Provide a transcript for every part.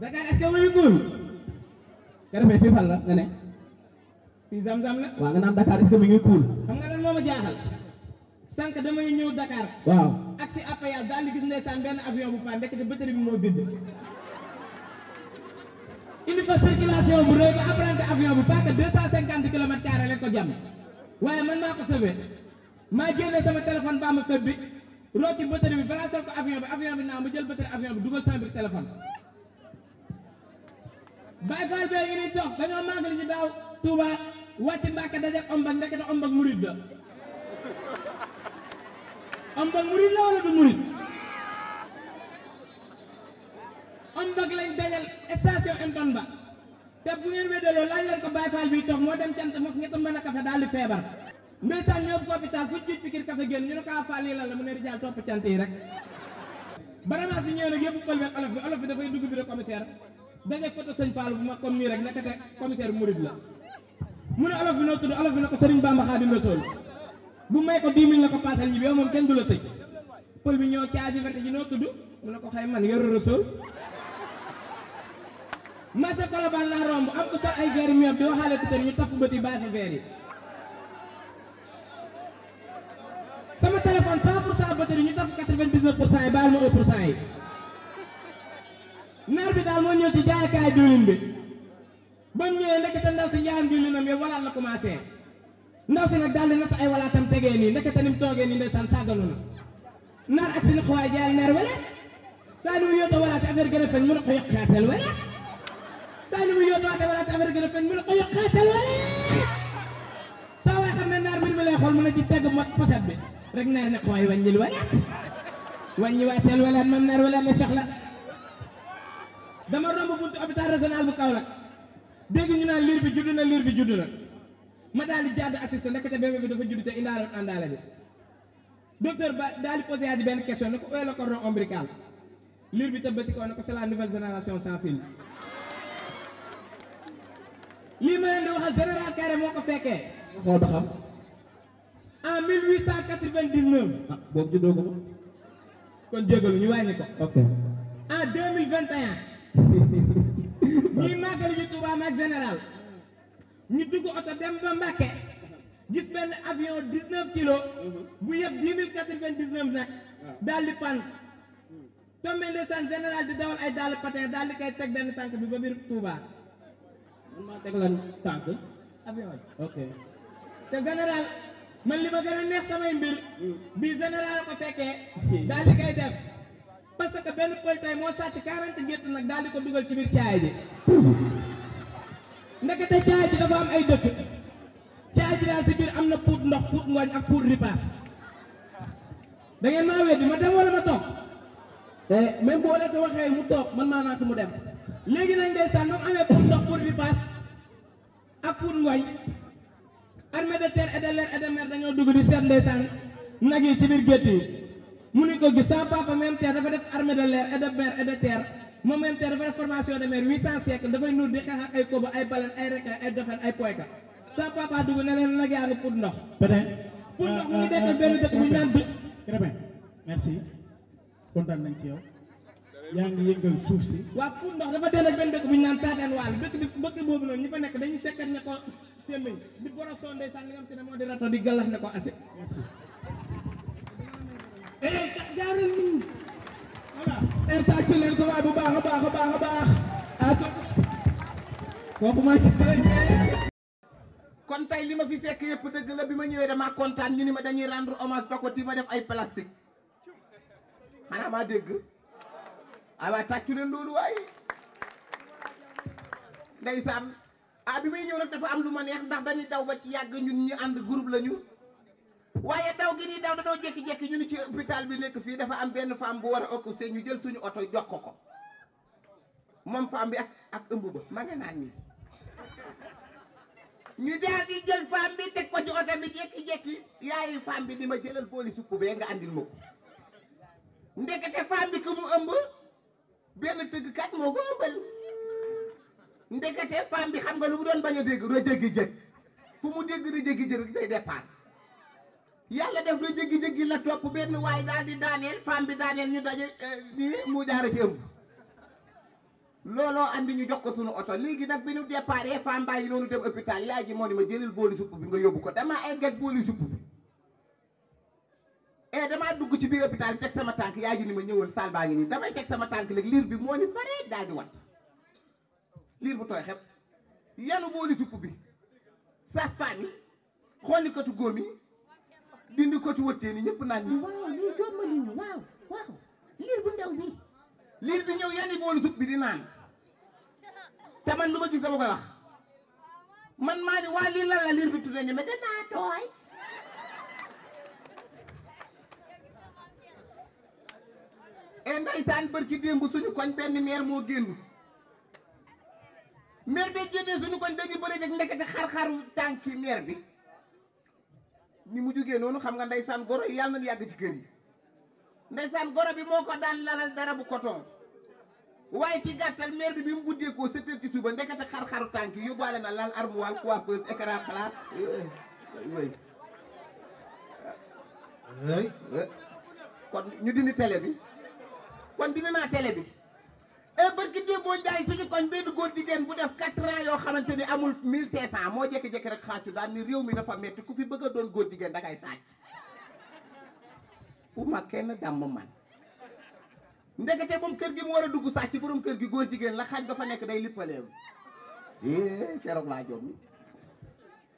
Dakar est-ce que mooy góor fii fan la nga ne. fii zam-zam la. waaw nga naan Dakar est-ce que ngi cool. xam nga lan moo ma jaaxal. damay ñëw Dakar. waaw si appayal daal di gis ndeysaan benn avion bu paan ndekete batterie bi moo bu rëy ba apprenti bu paaka 250 kilomètres carré lañ ko jàmm. waaye man maa ko sama téléphone ba ma feb bi rocci batterie bi balaasal ko avion bi avion bi naa ma jël batterie avion bi dugal sama biir téléphone. Baye Fall bee ngi nii toog dañoo màggali ci daaw Touba wàcc Mbàkke daje omb ak ndekete omb ak murid la omb ak murid la wala du murid omb ak lañ dajal station Elton ba te bu ngeen weddaloo laaj leen ko Baye Fall biy toog moo dem cant mos ñett mën a kafe daal di feebar ndeysaan ñëw ko hôpital fu jiit fikir kafe génn ñu ne ko ah Fall lii lan la mu ne rijaal topp cant yi rek. baramaas bi ñëw nag yëpp bi ak olof bi olof bi dafay dugg bi de commissaire. daje photo sëñ Fall bu mag comme nii rek nekkate commissaire Mouride la mu ne olof bi noo tudd olof bi na ko Serigne Bamba Xaadim Rasuul bu may ko 10 000 la ko paasal ñibbi yow moom kenn du la tëj pël bi ñëw caaji verte ji noo tudd mu ne ko xay man yoru Rasuul marché Colobane laa romb am ko sol ay verre mi di waxaale ku tëdd ñu taf bët yi baasi verre yi sama téléphone 100 pour cent batterie ñu taf 99 pour cent yi baal ma 1 pour cent yi maire bi daal moo ñëw ci jaaykaay diwlin bi ba mu ñëwee ndekete ndaw si njaayam diwlinam yëpp walaat la commencé ndaw si nag daal di natt ay walaatam tegee nii ndekete ni mu toogee nii ndeysaan sàgganu na naar ak si naqawaay jaayal neer wala saa ni mu yóotoo walaate affaire gën a feeñ mu ne ko yokkaateel wala saa ni mu a feeñ mu ne ko ne naar mbir mi lay xool mu ne ci tegg mot poset bi rek naar ne xooy wàññil walaat wàññi waateel walaat moom naar walaat la soxla dama romb buntu hôpital régional bu Kaolack dégg ñu naan liir bi judd na liir bi judd na ma daal di jàdd assisté ndekete bébé bi dafa judd te indaale àndaale bi docteur ba daal di posé di benn question ne ko ooy la cordon ombilical liir bi te ba ci kaw ne ko c'est la nouvelle génération sans fil lii ma leen di général Kéré moo ko fekkee. xool ba xam. en 1899. ah boobu juddoo ko kon jégalu ñu wàññi ko. ok ñuy màggal ñu Touba maag général ñu dugg oto dem ba Mbàkke gis benn avion 19 kilos bu yëpp 10 mille 99 nag daal di pan tombé ndeysaan général di dawal ay dàll patin daal koy teg benn tànk bi ba biir Touba te général man li ma gën a neex samay mbir bi général ko fekkee daal koy def parce que benn pël tey moo sàcc quarante gétt nag daal ko dugal ci biir caay ji ndekete caay ji dafa am ay dëkk caay ji daal si biir am na puut ndox puut ngooñ ak puut ripaas da ngeen maa ma dem wala ma toog eh, même boo leen ko waxee mu toog naa maa naatu mu dem léegi nag ndeysaan nu amee puut ndox puut ripaas ak puut ngooñ armée de terre et dañoo dugg di seet ndeysaan nag yi ci biir gétt yi mu ne ko gis sama papa même terre dafa def armée de l'air et de mer et de terre moom même terre dafa def formation de mer 800 siècle dafay nuur di xeex ay kóoba ay baleine ay requin ay dauphin ay poyka sama papa dugg ne leen nag yaa ndox. peut-être ndox mu ngi dëkk ak euh, benn euh, dëkk bu naan si. waaw pour ndox dafa dend ak benn dëkk bu ñu naan taataan waal dëkk bi bëkk boobu noonu ñi fa nekk dañuy sekkat ña ko semmiñ bi borosoon ndeysaan li nga te ne moo di rato di gallax ne ko asi. jaaral ñu kon tey li ma fi fekk yëpp dëgg la bi ma ñëwee damaa kontaan ñu ni ma dañuy rendre hommage Pacotille ma def ay plastique xanaa maa dégg ay ah, waay tàccu leen loolu waay ndeysaan ah bi may ñëw rek dafa am lu ma neex ndax dañuy daw ba ci yàgg ñun ñu ànd groupe lañu waaye daw gi nii daw da doo jékki-jékki ñu ni ci hôpital bi nekk fii dafa am benn femme bu war a occupé ñu jël suñu oto jox ko ko moom femme bi ak ëmb ba ma nga naan nii ñu daal di jël femme bi teg ko ci oto bi jékki-jékki yaayu femme bi di ma jëlal booli sukku bee nga andil ma ko bi ku ëmb benn tëggkat moo ko bi xam nga lu mu doon bañ a dégg rek jékki-jékki fu mu dégg rek jékki-jékki rek day départ yàlla def la jéggi-jéggi la topp benn waaye daal di daaneel femme bi daaneel ñu daje euh, mu jaara ci ëmb looloo andi ñu jox ko sunu oto léegi nag bi ñu déparé femme baa yi noonu dem hôpital yaay ji moo ni ma jëlal booli supp bi nga yóbbu ko dama ay gaj booli supp bi e eh, damaa dugg ci biir hôpital teg sama tànk yaay ji ni ma ñëwal saal baa ngi nii damay teg sama tànk léegi liir bi moo ni faree daal di wat liir bu tooy xep yanu booli supp bi sas femme dindi ko ci wëttee ni ñëpp naan ñu. waaw lii jommali ñu waaw waaw liir bu ndaw bi. liir bi ñëw yenn boolu sup bi di naan te man lu ma gis dama koy wax man maa ni waa lii lan la liir bi tuddee ni mais danaa tooy. e eh, ndeysaan barki démb suñu koñ benn meer moo génn meer bee génnee suñu koñ dañu bëri nag ndekete xar-xaru tànki meer bi. ni mu jógee noonu xam nga ndeysaan goro yi yàlla na yàgg ci kër yi ndeysaan goro bi moo ko daan lalal dara bu coton waaye ci gàttal maire bi mu buddeekoo sept heures ci suba ndekete xar-xaru tànk yóbbaale na lal armoire coiffeuse écran plat euh, euh, euh, kon ñu dindi télé bi kon dindi naa télé bi et eh, barki démboo Njaay suñu koñ benn góor jigéen bu def quatre ans yoo xamante ni amul mille cinq moo jékki-jékki rek xàccu daal ni réew mi dafa metti ku fi bëgg a doon góor jigéen dangay sàcc bu ma kenn dàmm man ndekete moom kër gi mu war a dugg sàcc borom kër gi góor jigéen la xaaj ba nekk day lippaleem é eh, keroog laa jom mi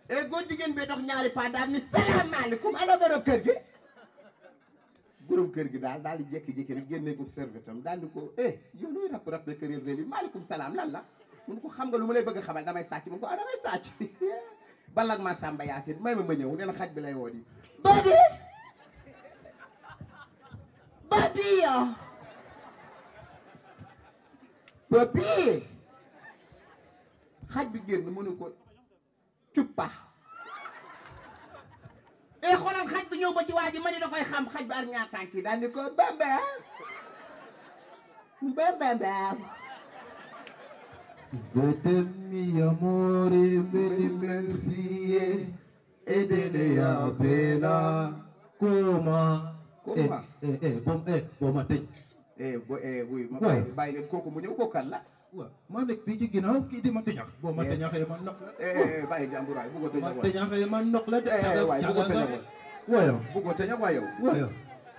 e eh, góor jigéen bi dox ñaari paa daal ni salaamaaleykum ana borom kër gi borom kër gi daal daal di jekki jékki rek génne ko servitam daal di ko eh yow looy rap rap la kër yi réew yi salaam lan la mun ko xam nga lu ma lay bëgg a xamal damay sàcc mun ko ah damay sàcc balak ma Samba Yaasin may ma ma ñëw neen xaj bi lay woo di babi babi yo xaj bi génn mënu ko cuppa e xoolal xaj bi ñëw ba ci waa ji ma ni da koy xam xaj bi ar ñaar tànk yi daal ni ko bamba bamba زدني يا موري من منسية إدني يا بلا كوما إيه إيه إيه بوم إيه بوم تج إيه بو إيه وي ما باي باي كوكو منيو كوكا لا waaw maa nekk fii ci ginnaaw kii di ma tëñax boo ma eh. tëñaxee man ma tëñaxee man ndox la daaga waayow bu ko tëñax waayow waayow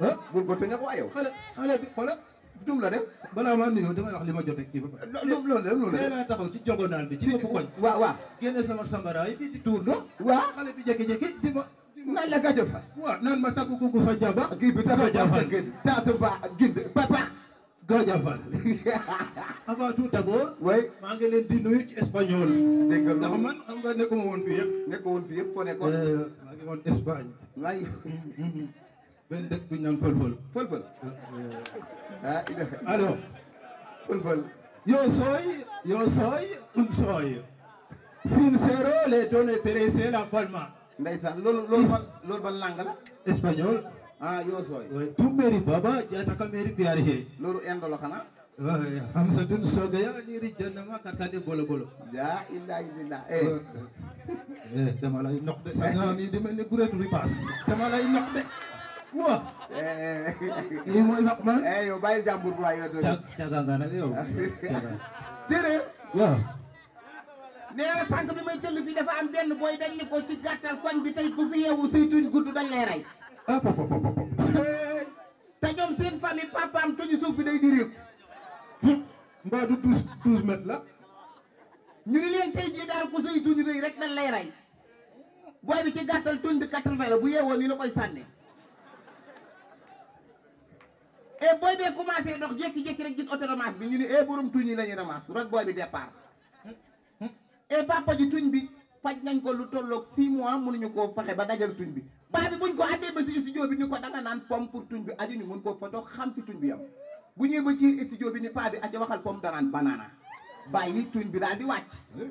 ah bu ko tëñax waayow xale xale bi xoola dum la def balaa maa nuyoo damay wax li ma jot ak kii ba pare nee naa taxaw ci jogonaal bi ci bopp koñ waaw waaw génne sama sambaraay bi di tuur ndox waaw xale bi jékki-jékki di ma naan la gajo fa waaw naan ma tàggu gugu fa jaba kii bi tafa jaba ta ba gind papa Ganja Fall. avant tout d'abord. oui maa ngi leen di nuyu ci espagnol. dégg ndax man xam nga nekkuma woon fii yëpp. nekkuma woon fii yëpp foo nekkoon. Euh, maa ngi woon Espagne. waay. benn dëkk bu ñu naan fël-fël. fël-fël. Euh, euh. Ah, fël-fël. yo soy yo soy un soy. sincero le doy la palma. ndeysaan loolu lool ban loolu ban la. espagnol. ah yoosoy tummeri baba ƴeyta kam eri mbiyaari hee lolu endola kana ah, eh, hamsadun soga yaaniri jannama karkade bolo bolo la ilaha illallah e eh. ah, eh, damalay nokde sagami demene guretu ripas damalay nokde wa i moy faqman e yo bayil jambour bowa yoto caga nga nag yow séréer waaw neena sànq bi may jël dafa am benn booy dañ ni ko ci gàttal koñ bi tey gudd dañ te ñoom seen famille papaam toju suuf bi day direeku mbaa du douze douze mètres la ñu ni leen tey jii daal ku sëy tuñ rëy rek dañ lay rey booy bi ci gàttal tuñ bi quatre-vingts bu yeewoo nii la koy sànni et eh, booy bee commencé dox rek gis bi ñu ni e borom tuñ yi la ñuy ramasse rek booy bi départ et eh, papa ji tuñ bi faj nañ ko lu tolloog six mois mënuñu ko fexe ba dajal tuñ bi paa bi buñ ko àndee ba ci studio bi ni ko danga naan pom pour tuñ bi aju ñu mun koo photo xam fi tuñ bi yam bu ñëwee ba ci studio bi ni paa bi aja waxal pom danaan banana bàyyi tuñ bi daal di wàcc. Eh,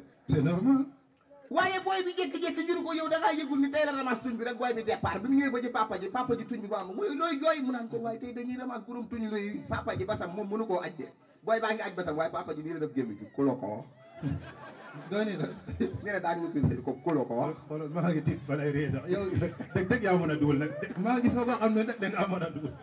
waaye booy bi jékki-jékki juru ko yow da yëgul ni tey ramas tuñ bi rek booy bi départ bi mu ba ci ji papa ji tuñ bi ba mu mu naan ko aj de booy baa ngi aj basam waaye papa ji la def gémmi gi ku la ko doy na daañu ma bind ko kóoloo ko wax. xoolal maa ngi tiit balay ree sax yow dëgg dëgg yaa mën a dugal nag maa ngi soo a xam ne da nga mën a dugal.